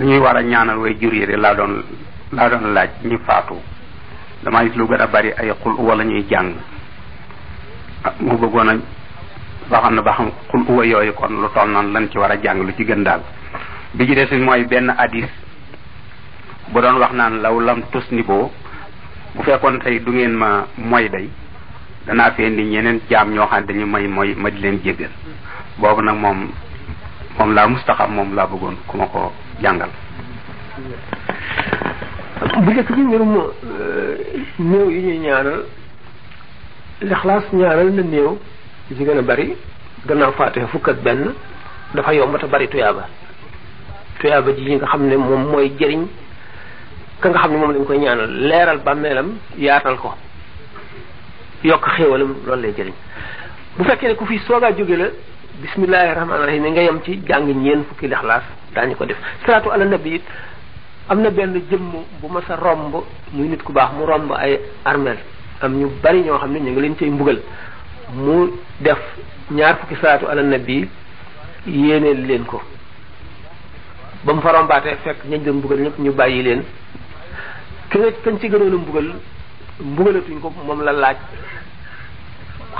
lu ñuy war a ñaanal way jur yi de laa doon laa doon laaj ñi faatu damaa gis lu gën a bari ay xul uwa la ñuy jàng ah, mu bëggoon a ba xam ne ba xam xul uwa yooyu kon lu toll noonu lan ci war a jàng lu ci gën daal bi ci des mooy benn hadis bu doon wax naan law lam tus ni bu fekkoon tey du ngeen ma moy day danaa fi indi ñeneen jaam ñoo xam dañu may mooy ma di leen jéggal boobu nag moom laa mustaxam moom laa bëggoon ku ma ko jàngal bu njëkk bi mbirum euh, néew yi ñuy ñaanal lixlaas ñaanal na néew ci gën a bari gannaaw faatiha fukk ak benn dafa yomb te bari tuyaaba tuyaaba ji nga xam ne moom mooy jëriñ ka nga xam ne moom lañ koy ñaanal leeral bàmmeelam yaatal ko yokk xéewalam loolu lay jëriñ bu fekkee ku fi soogaa jóge la bismillahi rahmaani rahiim yi nga yem ci jàng ñeen fukki lixlaas daañu ko def salaatu ala nabi it am na benn jëmm bu ma sa romb muy nit ku baax mu romb ay armel am ñu bari ñoo xam ne ñu ngi leen cay mbugal mu def ñaar fukki salaatu ala nabi yéeneel leen ko ba mu fa rombaatee fekk ñañ doon mbugal ñëpp ñu bàyyi leen ki nga kañ ci gënoon mbugal mbugalatuñ ko moom la laaj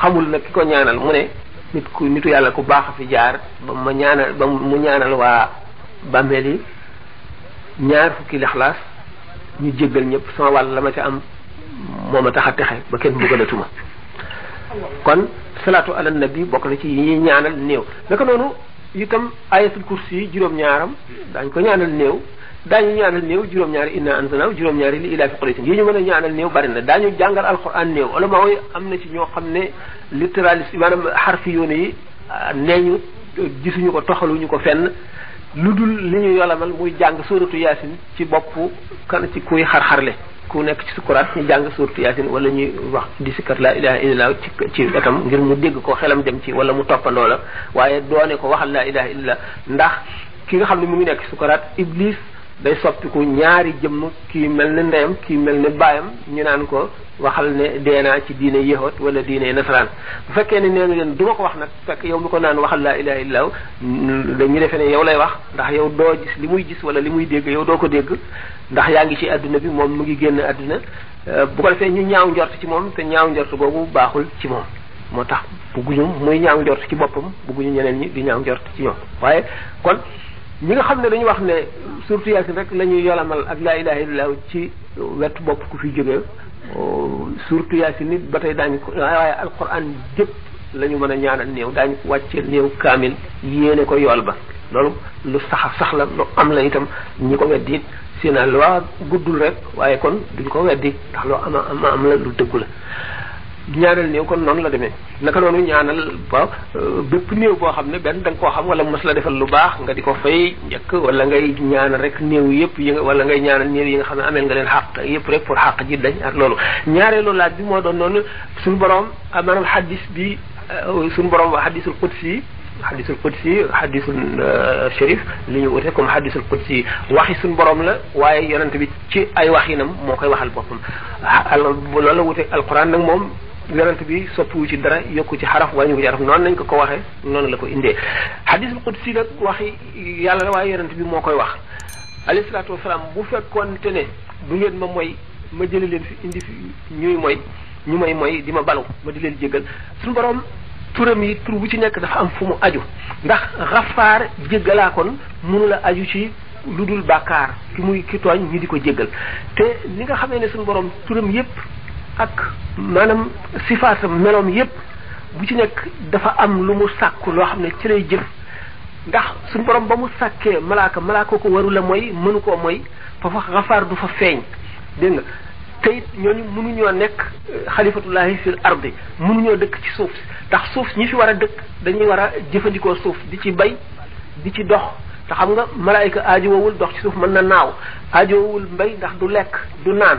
xamul nag ki ko ñaanal mu ne nit ku nitu yàlla ku baax a fi jaar ba ma ñaanal ba mu ñaanal waa bàmmeel yi ñaar fukki lixlaas ñu jéggal ñépp sama wàll la ma ci am moom ma tax a texe ba kenn mbugalatuma kon salaatu ala bi bokk na ci yi ñaanal néew naka noonu itam ayatul kursi yi juróom-ñaaram daañ ko ñaanal néew daañu ñaanal néew juróom-ñaari inna anzalnaahu juróom-ñaari li ilaafi quraysin yi ñu mën a ñaanal néew bari na daañu jàngal alquran néew ulama yi am na ci ñoo xam ne littéraliste maanaam xarfi yoon yi ah, neeñu gisuñu ko toxaluñu ko fenn lu dul li ñu yolamal muy jàng suratu yaasin ci bopp kan ci kuy xar-xarle ku nekk ci sukuraat ñu jàng suratu yaasin wala ñuy wax di sikkat laa ilaha illallah ci ci wetam ngir mu dégg ko xelam dem ci wala mu toppandoo la waaye doone ko waxal laa ilaha illallah ndax ki nga xam ne mu ngi nekk sukuraat iblis day soppiku ñaari jëmm kii mel ni ndeyam kii mel ni baayam ñu naan ko waxal ne dee naa ci diine yéexoot wala diine nasaraan bu fekkee ne nee leen du ko wax nag fekk yow mu ko naan waxal laa ilaha illa dañu defe ne yow lay wax ndax yow doo gis li muy gis wala li muy dégg yow doo ko dégg ndax yaa ngi ci àdduna bi moom mu ngi génn adduna euh, bu ko defee ñu ñaaw njort ci moom te ñaaw njort boobu baaxul ci moom moo tax bugguñu muy ñaaw njort ci boppam bugguñu ñeneen ñi di ñaaw njort ci ñoom ñi nga xam ne dañu wax ne surtout yaasin rek lañuy ñuy yolamal ak laa ilaha illallah ci wetu bopp ku fi jóge surtout yaasin nit ba tey dañ ko waaye alquran jëpp la ñu mën a ñaanal néew daañu ko wàcce néew kaamil yéene ko yool ba loolu lu saxa sax la lu am la itam ñu ko weddi it seen loi guddul rek waaye kon duñ ko weddi ndax loo ama am la lu dëggu la di ñaanal néew kon noonu la demee naka noonu ñaanal ba euh, bépp néew boo xam ne benn da nga koo xam wala mos la defal lu baax nga di ko fay njëkk wala ngay ñaanal rek néew yëpp yi wala ngay ñaanal néew yi nga xam ne ameel nga leen xaq yëpp rek pour xaq ji dañ ak loolu ñaareelu laaj bi moo doon noonu suñu borom ah, maanaam xaddis bi euh, suñu borom wa xaddisul qudsi xadisul qudsi xadisul euh, sharif li ñu wute comme xadisul qudsi waxi suñ borom la waaye yonent bi ci ay waxinam moo koy waxal boppam loolu la wute alquran nag moom yonent bi soppiwu ci dara yokku ci xaraf wàññi ko ci xaraf noonu lañ ko ko waxee noonu la ko indee xadis bu qudsi nag waxi yàlla la waaye yonent bi moo koy wax alayhi salaatu wasalaam bu fekkoonte ne du ngeen ma mooy ma jële leen fi indi fi ñuy mooy ñu may mooy di ma balu ma di leen jéggal suñ borom turam yi tur bu ci nekk dafa am fu mu aju ndax xafaar jéggalaa kon mënu la aju ci lu dul bàkkaar ki muy ki tooñ ñi di ko jéggal te ni nga xamee ne suñu borom turam yépp ak maanaam sifaatam meloom yépp bu ci nekk dafa am lu mu sàkku loo xam ne ci lay jëf ndax suñu borom ba mu sàkkee malaaka malaaka ko waru la mooy mënu koo mooy foofa xafaar du fa feeñ dégg nga te it ñooñu mënuñoo nekk euh, xalifatullahi fil ardi mënuñoo dëkk ci suuf ndax suuf ñi fi war a dëkk dañuy war a jëfandikoo suuf di ci bay di ci dox te xam nga malaayika aajowul dox ci suuf mën na naaw aajowul mbay ndax du lekk du naan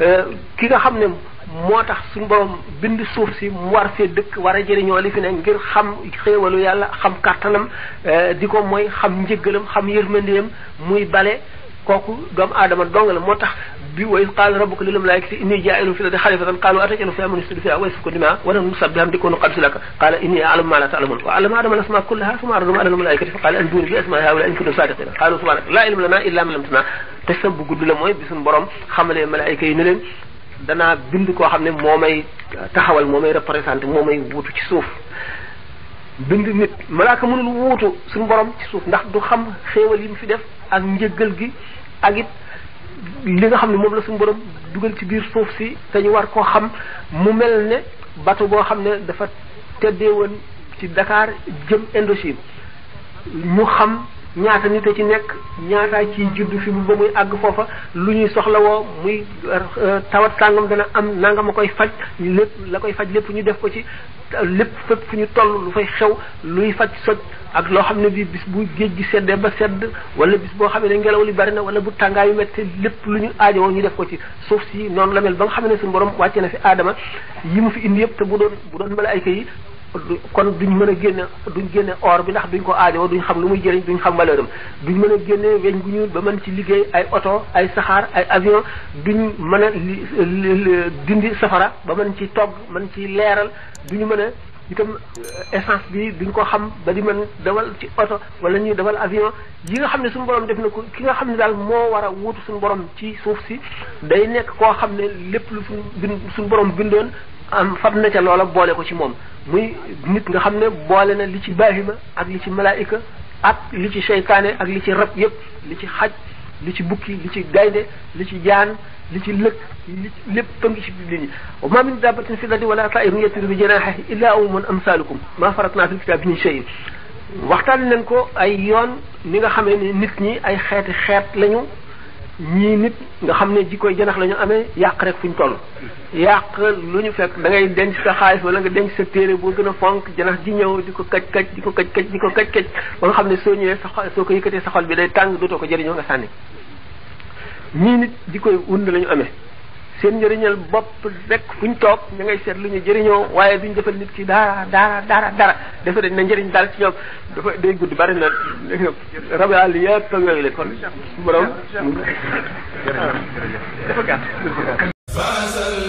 euh, ki nga xam ne moo tax suñu borom bind suuf si mu war fee dëkk war a jëriñoo li fi ne ngir xam xéewalu yàlla xam kàttanam eh, di ko mooy xam njëggalam xam yërmandeem muy bale kooku doomu aadama dong la moo tax bi way qaala rabbuka lil malaa'ikati inni jaa'ilun fil ardi xalifatan qaalu atajalu fiihaa man yufsidu fiihaa wa yasfiku dimaa wa nahnu nusabbihu bihamdika wa nuqaddisu laka qaala inni a'lamu maa laa ta'lamuun wa 'allama aadama al-asmaa'a kullahaa thumma 'aradahum 'alaa al-malaa'ikati faqaala anbi'uunii bi asmaa'i haa'ulaa'i in kuntum saadiqiin qaaluu subhaanaka laa ilma lanaa illaa maa 'allamtanaa te sa bu gudd la mooy bi suñu borom xamalee malaayika yi ne leen danaa bind koo xam ne moo may euh, taxawal moo may représenté moo may wuutu ci suuf bind nit malaaka mënul wuutu suñu borom ci suuf ndax du xam xéewal yi mu fi def ak njëgal gi ak it li nga xam ne moom la suñu borom dugal ci biir suuf si te ñu war koo xam mu mel ne bato boo xam ne dafa teddee woon ci ndakaar jëm Indochine ñu xam ñaata nit a ci nekk ñaataa ciy juddu fi mu ba muy àgg foofa lu ñuy soxlawoo muy euh, tawat sàngam dana am nangam a koy faj lépp la koy faj lépp ñu def ko ci lépp fépp fu ñu toll lu fay xew luy faj soj ak loo xam ne bi bis bu géej gi seddee ba sedd wala bis boo xam ne ngelaw li bari na wala bu tàngaayu yu métti lu ñu aajowoo ñu def ko ci suuf si noonu la mel ba nga xam ne si borom wàcce na fi aadama yi mu fi indi yëpp te bu doon bu doon malaayka yi kon ñu mën a génne duñ génne or bi ndax duñ ko aajowoo duñ xam lu muy jëriñ duñ xam valeur am duñ mën a génne weñ gu ñu ba mën ci liggéey ay oto ay saxaar ay avion duñ mën a dindi safara ba mën ci togg mën ci leeral duñu mën a itam euh, essence bi duñ ko xam ba di mën dawal ci oto wala ñuy dawal avion yi nga xam ne suñu borom def na ko ki nga xam ne daal moo war a wuutu suñu borom ci suuf si day nekk koo xam ne lépp lu suñu suñu borom bindoon am fab na ca loola boole ko ci moom muy nit nga xam ne boole na li ci baahima ak li ci malaayika ak li ci seytaane ak li ci rab yépp li ci xaj li ci bukki li ci gaynde li ci jaan li ci lëkk li ci lépp ngi ci biir nit ñi wa ma min dabbatin fi lardi wala ta'irin yatiru bi janahihi illa ummun amsalukum ma faratna fil kitabi min shay'in waxtaan nañ ko ay yoon ni nga xamee ni nit ñi ay xeeti xeet lañu ñii nit nga xam ne ji koy janax la ñu amee yàq rek fu ñu toll yàq lu ñu fekk da ngay denc sa xaalis wala nga denc sa téere boo gën a fonk janax ji ñëw di ko kaj kaj di ko kaj kaj di ko kaj kaj ba nga xam ne soo ñëwee sa soo ko yëkkatee sa xol bi day tàng dootoo ko jëriñoo nga sànni ñii nit jikkoy wund la ñu amee seen njëriñal bopp rek fu ñu toog ñu ngay seet lu ñu jëriñoo waaye duñ defal nit ki dara dara dara dara defe dañ na njëriñ daal ci ñoom dafa day gudd bari na rabi àll yëpp ak yooyu la kon borom dafa